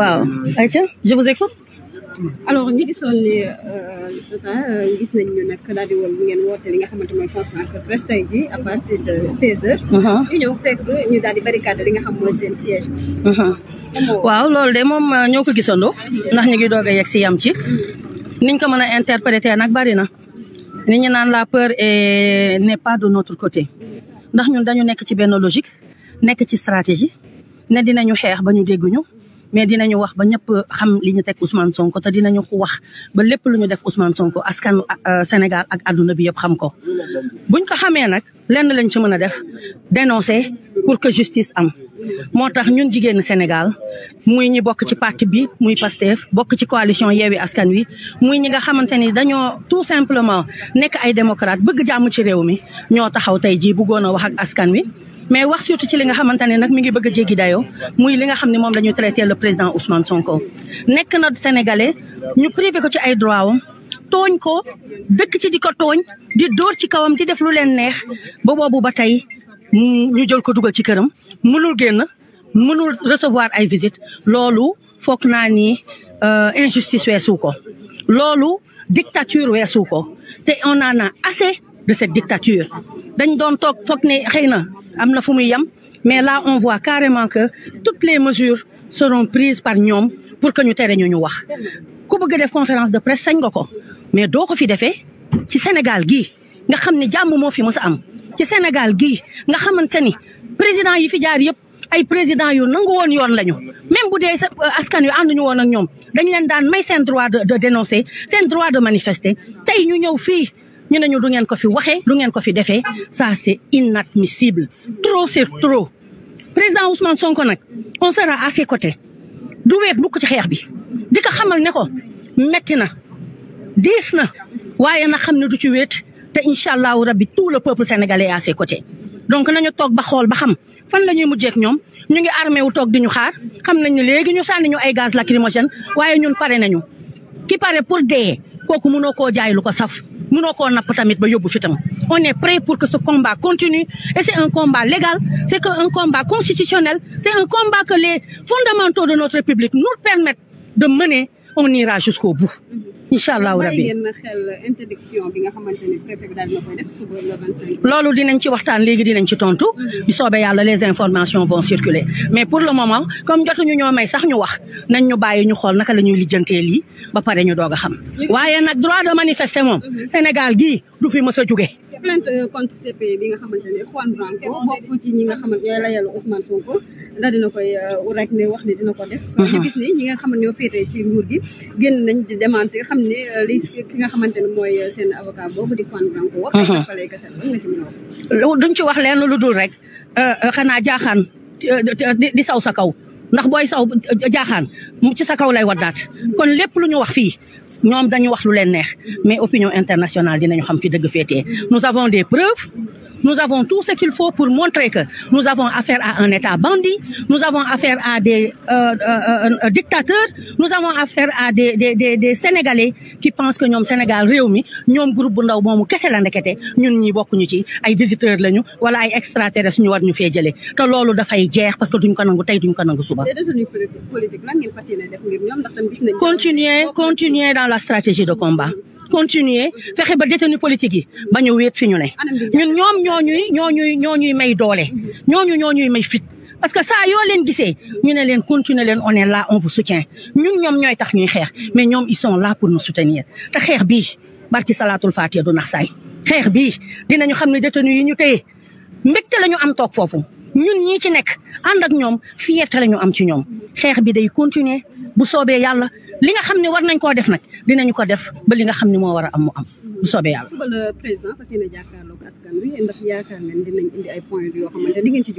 waaw Aïcha je vous écoute alors ñi gisoon ni euh, euh, gis nañ ñu nag daal di woon bu ngeen woote li nga xamante mooy conférence de presse tey ji à partir de seize heures uh-huh. ñu ñëw uh-huh. waaw loolu de moom euh, ñoo ko gisandoo ndax ñu ngi doog a yegg si yam ci mm-hmm. niñ ko mën a interpréter nag bari na nit ñi naan la peur et n'est pas de notre côté ndax ñun dañu nekk ci benn nekk ci stratégie ne dinañu xeex ba ñu dégguñu mais dinañu wax ba ñëpp xam li ñu teg Ousmane Sonko te dinañu wax ba lépp lu ñu def Ousmane Sonko askan euh, Sénégal ak àdduna bi yëpp xam ko. buñ ko xamee nag lenn lañ ci mën a def dénoncer pour que justice am moo tax ñun jigéenu Sénégal muy ñi bokk ci parti bi muy Pastef bokk ci coalition Yewwi Askan Wi muy ñi nga xamante ni dañoo tout simplement nekk ay démocrate bëgg jàmm ci réew mi ñoo taxaw tey jii bëggoon a wax ak askan wi. mais wax surtout ci li nga xamante ne nag mi ngi bëgg a jéggi dayoo muy li nga xam ne moom la traité le président Ousmane Sonko. nekk na Sénégalais ñu privé ko ci ay droit am tooñ ko dëkk ci di ko tooñ di dóor ci kawam di def lu leen neex ba boobu ba tey ñu jël ko dugal ci këram mënul génn mënul recevoir ay visite loolu foog naa ni euh, injustice weesu ko loolu dictature weesu ko te on en a assez de cette dictature. dañ doon toog foog ne xëy na am na fu muy yem mais la on voit carrément que toutes les mesures seron prises par ñoom pour que ñu tere ñu ñu wax. ku bëgg a def conférence de presse sañ nga ko mais doo ko fi defee ci Sénégal gii nga xam ni jàmm moo fi mës a am ci Sénégal gii nga xamante ni président yi fi jaar yëpp. ay président yu nangu woon yoon lañu même bu dee euh, askan yu ànduñu woon ak ñoom dañ leen daan may seen droit de dénoncer seen droit de manifester tey ñu ñëw fii ñu ne ñu du ngeen ko fi waxee du ngeen ko fi defee ça c'est inadmissible trop c'est trop président Ousmane Sonko nag on sera à ses du weet ko ci xeex bi di ko xamal ne ko metti na diis na waaye na xam ne du ci weet te incha allahu rabbi tout le peuple sénégalais est à ses côtés donc ñu toog ba xool ba xam fan la ñuy mujjee ñoom ñu ngi armé wu toog di ñu xaar xam nañ ne léegi ñu sànni ñu ay gaz lacrymogène waaye ñun pare nañu ki pare pour dee kooku mënoo koo jaay ko saf mënoo koo napp tamit ba yóbbu fi on est prêt pour que ce combat continue et c'est un combat légal c'est que un combat constitutionnel c'est un combat que les fondamentaux de notre République nous permettent de mener on ira jusqu'au bout incha allahu rabi loolu dinañ ci waxtaan léegi dinañ ci tontu. bu mhm. soobee yàlla les informations vont circuler mais pour le moment comme jotuñu ñoo may sax ñu wax nañ ñu bàyyi ñu xool naka la ñuy lijjantee lii ba pare ñu doog a xam. waaye nag droit de manifester moom. Mhm. Sénégal gi du fi mës a jugee. plainte euh, contre CPI bi nga xamante ne Juan Branco bokk ci ñi nga xamante ñooy layal Ousmane Sonko daal dina koy euh, rek ne wax ne dina ko def ñu gis ni ñi nga xamante ñoo féetee ci nguur gi génn nañ demante démentir xam ne euh, li ki nga xamante ne mooy seen avocat boobu di Juan Branco wax kese uh-huh. lan nga ci wax duñ na wax lu dul rek xanaa jaaxaan di saw sa kaw ndax booy saw jaaxaan ci sa kaw lay waddaat kon lépp lu ñu wax fii ñoom dañu wax lu leen neex mais opinion internationale dinañu xam fi dëgg féetee nous avons des preuves Nous avons tout ce qu'il faut pour montrer que nous avons affaire à un État bandit, nous avons affaire à des euh, euh, euh, dictateurs, nous avons affaire à des des des, des Sénégalais qui pensent que ñoom Sénégal réew mi ñoom groupe bu ndaw moomu kese la ndekete ñun ñi bokkuñu ci ay visiteurs lañu wala ay extraterrestres ñu war ñu fee jëlee te loolu dafay jeex parce que duñ ko nangu tey duñ ko nangu suba. continuer continuer dans la stratégie de combat. continuer fexe ba détenu politique yi ba ñu wéet fi ñu ne ñun ñoom ñooñuy ñooñuy ñooñuy may doole ñooñu ñooñuy may fit parce que saa yoo leen gisee ñu ne leen continuer leen on est la on vous soutient ñun ñoom ñooy tax ñuy xeex mais ñoom ils sont là pour nous soutenir te xeex bii barki salaatul faatiha du nax saay xeex bii dinañu xam ne détenu yi ñu téye mbégte la ñu am toog foofu ñun ñii ci nekk ànd ak ñoom fierté la ñu am ci ñoom xeex bi day continuer bu soobee yàlla li nga xam ne war nañ koo def nag dinañu ko def ba li nga xam ne moo war a am mu am bu soobee yàlla. suba la président fas yéene jàkkaarloog askan wi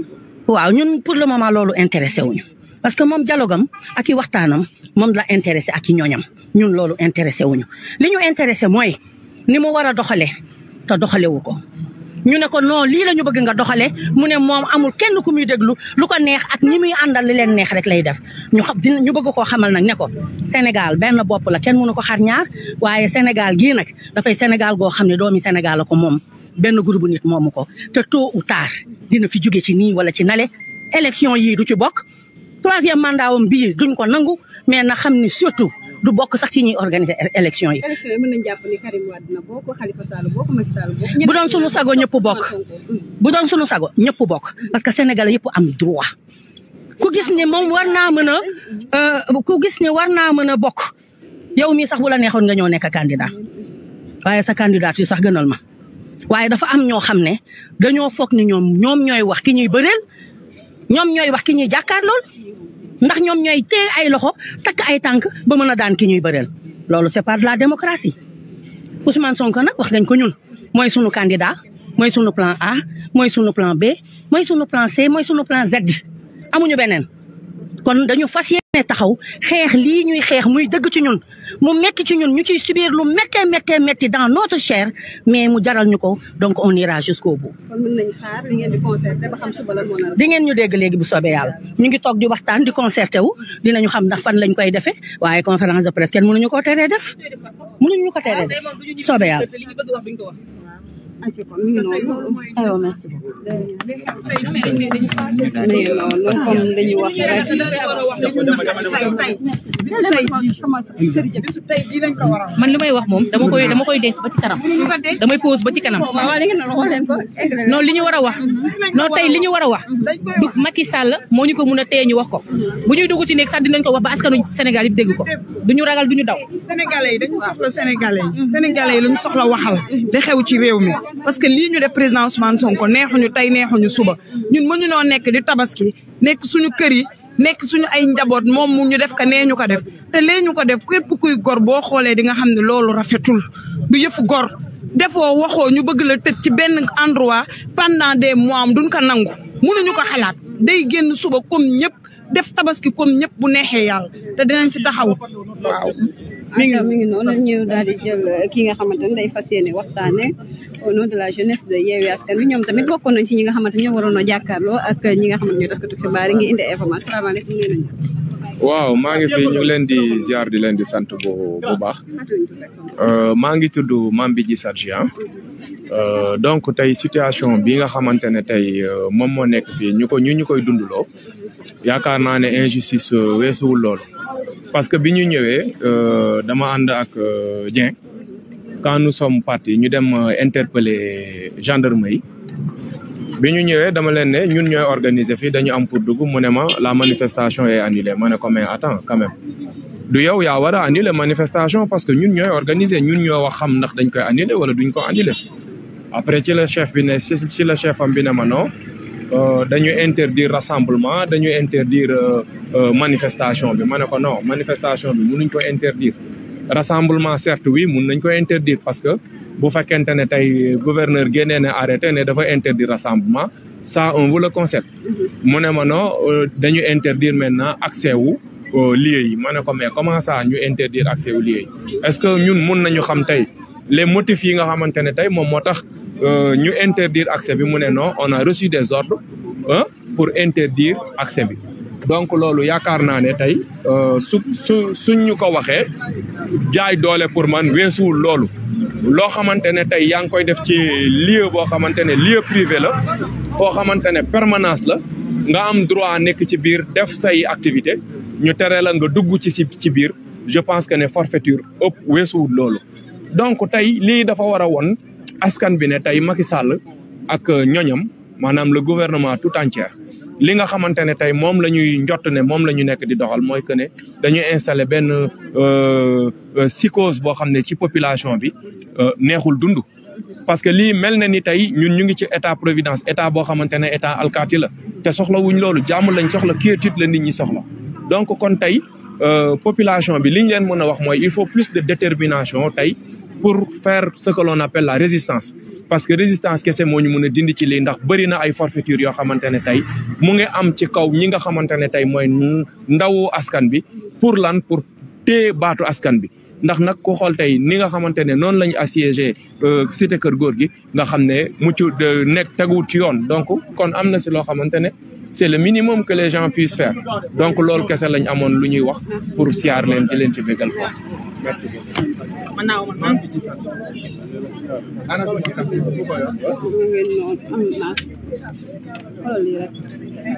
waaw ñun pour le moment loolu intéressé wuñu parce que moom dialogue am ak i waxtaanam moom la intéressé ak i ñooñam ñun loolu intéressé wuñu li ñu intéressé mooy ni mu war a doxalee te doxalewu ko. ñu ne ko non lii la ñu bëgg a doxalee mu ne moom amul kenn ku muy déglu lu ko neex ak ñi muy àndal leen neex rek lay def ñu xam ñu bëgg koo xamal nag ne ko Sénégal benn bopp la kenn mënu ko xar ñaar waaye Sénégal gii nag dafay Sénégal goo xam ne doomi Sénégal la ko moom benn groupe nit moomu ko te tôt ou dina fi jóge ci nii wala ci nale élection yi du ci bokk troisième mandat bi duñ ko nangu mais na xam ne surtout du bokk sax ci ñuy organiser élection yi. élection yi mën nañu bu doon sunu sago ñëpp bokk bu doon sunu sago ñëpp bokk parce que sénégalais yëpp am droit. ku gis ni moom war naa mën a euh, ku gis ne war naa mën a bokk yow mii sax bu la neexoon nga ñëw nekk kandida waaye sa candidat sax gënal ma waaye dafa am ñoo xam ne dañoo foog ni ñoom ñoom ñooy wax ki ñuy bëreel ñoom ñooy wax ki ñuy jàkkaar lool ndax ñoom ñooy téye ay loxo takk ay tànk ba mën a daan ki ñuy bëreel loolu c'est pas de la démocratie Ousmane Sonko nag wax nañ ko ñun mooy sunu candidat mooy sunu plan A mooy sunu plan B mooy sunu plan C mooy sunu plan Z amuñu beneen. kon dañu fas yéene taxaw xeex lii ñuy xeex muy dëgg ci ñun mu metti ci ñun ñu ci subir lu méttee méttee métti dans notre chair mais mu jaral ñu ko donc on ira jusqu'au bout. kon mën nañu li ngeen di ngeen ñu dégg léegi bu soobee yàlla ñu ngi toog di waxtaan di concerté wu dinañu xam ndax fan lañ koy defee waaye conférence de presse kenn mënuñu ko teree def mënuñu ko teree def soobee yàlla. acca kon mi ngi noonu aywa merci beaucoup. nee noonu comme dañu wax man li may wax moom dama koy dama koy denc ba ci kanam. damay pause ba ci kanam. non li ñu war a wax. non tey li ñu war a wax. du i sàll moo ñu ko mun a téye ñu wax ko. bu ñuy dugg ci néeg sax dinañ ko wax ba askanu Sénégal yëpp dégg ko du ñu ragal du ñu daw. Sénégalais yi dañu lañu soxla waxal. li xew ci réew mi. parce que lii ñu def président Ousmane Sonko neexuñu tey ñu suba ñun mënuñoo nekk di tabaski nekk suñu kër yi nekk suñu ay njaboot moom mu ñu def ko nee ñu ko def te lee ñu ko def képp kuy gor boo xoolee di nga xam ne loolu rafetul du yëfu gor defoo waxoo ñu bëgg la tëj ci benn endroit pendant des mois am duñ ko nangu ñu ko xalaat day génn suba comme ñëpp def tabaski kom ñëpp bu neexee yàlla te dinañ si taxaw waaw mi ngi mi ngi noonu ñu daal di jël euh, ki nga xamante ne day fas waxtaan waxtaane au nom de la jeunesse de Yewwi Askan Wi ñoom tamit bokkoon nañ ci ñi nga xamante ne ñoo waroon a jàkkaarloo ak nga xamante ne ñoo taskatu xibaar indi information salaamaaleykum waaw maa ngi fi ñu leen di ziar di leen di sant bu bu baax euh, maa ngi tudd Mambiji Sargent ah. euh, donc tey situation bi nga xamante ne tey moom moo nekk fii ñu ko ñu ñu koy dundloo yaakaar naa ne injustice weesuwul loolu parce que bi ñu ñëwee euh, dama ànd ak euh, Dieng quand nous sommes partis ñu dem euh, interpeller gendarme yi bi ñu ñëwee dama leen ne ñun ñooy organiser fi dañu am pour dugg mu ne ma la manifestation est annulée ma ne ko mais attends quand même du yow yaa war a manifestation parce que ñun ñooy organiser ñun ñoo wax xam ndax dañ koy annuler wala duñ ko annuler après ci la chef bi ne ci la chef am bi ne ma Euh, dañu interdire rassemblement dañu interdire euh, euh, manifestation bi ma ne ko manifestation bi mënuñ ko interdire rassemblement certes oui mun nañ ko interdire parce que bu fekkente ne tey gouverneur génnee ne arrêté ne dafa interdir rassemblement ça un vous le concept mu ne ma non dañu interdire maintenant accès wu lieux yi ma ne ko mais comment ñu interdire accès wu lieux yi est-ce que ñun mun nañu xam tey les motifs yi nga xamante ne tey moom moo tax Euh, ñu interdire accès bi mu ne non on a reçu des ordres hein, pour interdire accès bi donc loolu yaakaar naa ne tey euh, su su suñ ñu ko waxee jaay doole pour man weesuwul loolu loo xamante ne tey yaa ngi koy def ci lieu boo xamante ne lieu privé la foo xamante ne permanence la nga am droit nekk ci biir def say activité ñu tere la nga dugg ci si ci biir je pense que ne forfaiture ëpp weesuwul loolu donc tey lii dafa war won askan bi ne tey Macky Sall ak euh, ñoñam maanaam le gouvernement tout entier li nga xamante ne tey moom la ñuy njott ne moom la ñu nekk di doxal mooy que ne dañuy installer benn euh, euh, psychose boo xam ne ci population bi neexul dund. parce que lii mel na ni tey ñun ñu ngi ci état providence état boo xamante ne état alkaati la te soxlawuñ loolu jàmm lañ soxla quiétude la nit ñi soxla donc kon tey population bi li ñu leen mën a wax mooy il faut plus de détermination tey. pour faire ce que l'on appelle la résistance parce que résistance kese moo ñu mën a dindi ci lii ndax bëri na ay forfaiture yoo xamante ne tey mu ngi am ci kaw ñi nga xamante ne tey mooy ndawu askan bi pour lan pour téye baatu askan bi ndax nag ku xool tey ni nga xamante ne noonu la ñu assiégé euh, cité kër góor gi nga xam ne mucc nekk teguwut ci yoon donc kon am na si loo xamante ne c'est le minimum que les gens puissent faire donc loolu kese lañ amoon lu ñuy wax pour siyaar leen di leen ci bégal ko merci beaucoup. mën naa woon ana soo ci kase bu ko yor. xoolal lii rek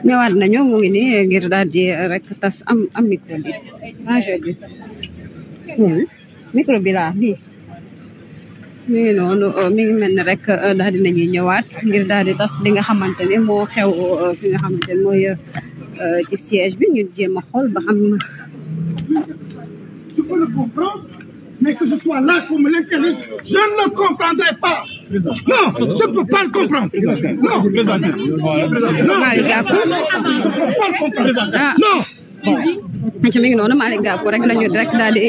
ñëwaat nañu mu ngi nii ngir daal di rek tas am am micro ah, eh? bi rangé bi micro bi laa bii mi ngi noonu eh, mi ngi mel ni rek eh, daal di nañuy ñëwaat ngir daal di tas li nga xamante ne moo xew fi nga xamante ne mooy ci siège bi ñu jéem a xool ba xam. peux le comprendre, mais que je sois là, qu'on me l'interdise, je ne le comprendrai pas. Non, je ne peux pas le comprendre. Non, ah, non, je ne peux pas le comprendre. Ah. Non. ci mi ngi noonu Malick Gakou rek la ñu rek daal di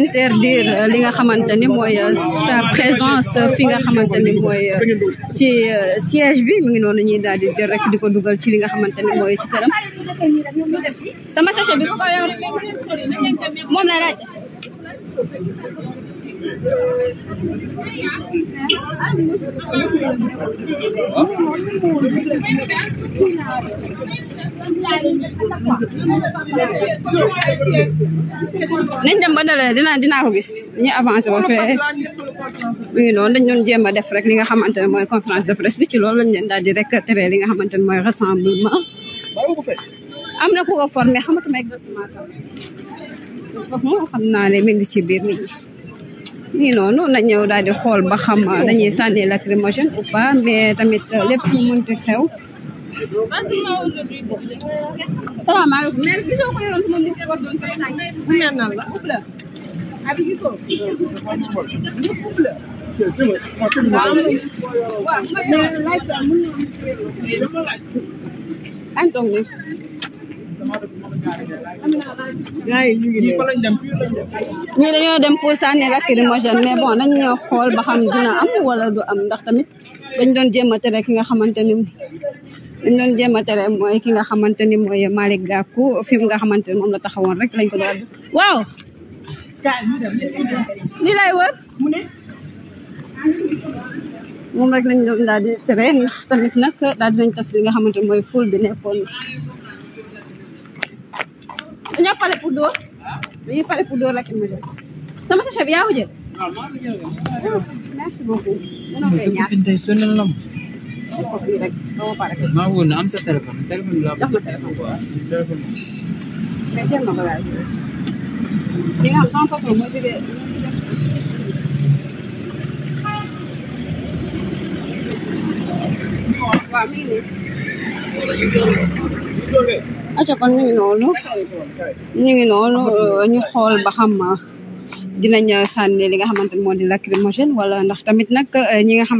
interdire li nga xamante ni mooy sa présence fi nga xamante ni mooy ci euh, siège bi mi ngi noonu ñuy daal di jël rek di ko dugal ci li nga xamante ni mooy ci këram sama sachet bi ko ko moom la laaj nañ dem ba dale dinaa dinaa ko gis ñu avancé ba fees mi ngi noonu dañ doon jéem a def rek li nga xamante ne mooy conférence de presse bi ci loolu lañ leen daal di rek tere li nga xamante ne mooy rassemblement am na ku ko formé xamatuma exactement tam wax moo xam naa ne mi ngi ci biir nit ñi nii noonu na ñëw daal di xool ba xam euh, dañuy sànni lacrymogène ou pas mais tamit euh, lépp lu mënti xew. salaamaaleykum. maa ngi toog nii. ñii dañoo dem pour sànni lacrymogène mais bon dañ ñoo xool ba xam dina am wala du am ndax tamit dañ doon jéem a tere ki nga xamante ni dañ doon jéem a tere mooy ki nga xamante ni mooy Malick Gakou fi nga xamante ni moom la taxawoon rek lañ ko doon waaw ni mu ne moom rek nañ doon daal di tere ndax tamit nag daal dinañ tas li nga xamante ni mooy ful bi nekkoon dañoo pare pour dóor dañuy pare pour dóor la kenn ma jël sama sachet bi yaa ko jël. Ah, merci beaucoup. mënoo koy ñaar tey sonal na ma. ko fii rek ba ma pare. maa woon na am sa téléphone téléphone bi laa jox ma téléphone quoi téléphone. mais jël ma bagage bi nga xam sama papa mooy jógee waaw mi ngi nii aca kon mi ngi noonu ñu ngi noonu euh, ñu xool ba xam euh, dinañ sànni li nga xamante ne moo di lacrymogène wala ndax tamit nag euh, ñi nga